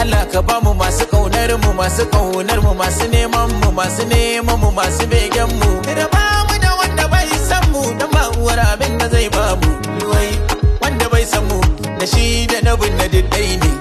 Allah ka ba mu masu kaunar mu masu kaunar mu masu neman mu masu neman mu masu begen mu da ba mu da wanda bai san mu dan ba uwar abin da zai ba mu wai wanda bai san mu da shi da nabin na diddai ne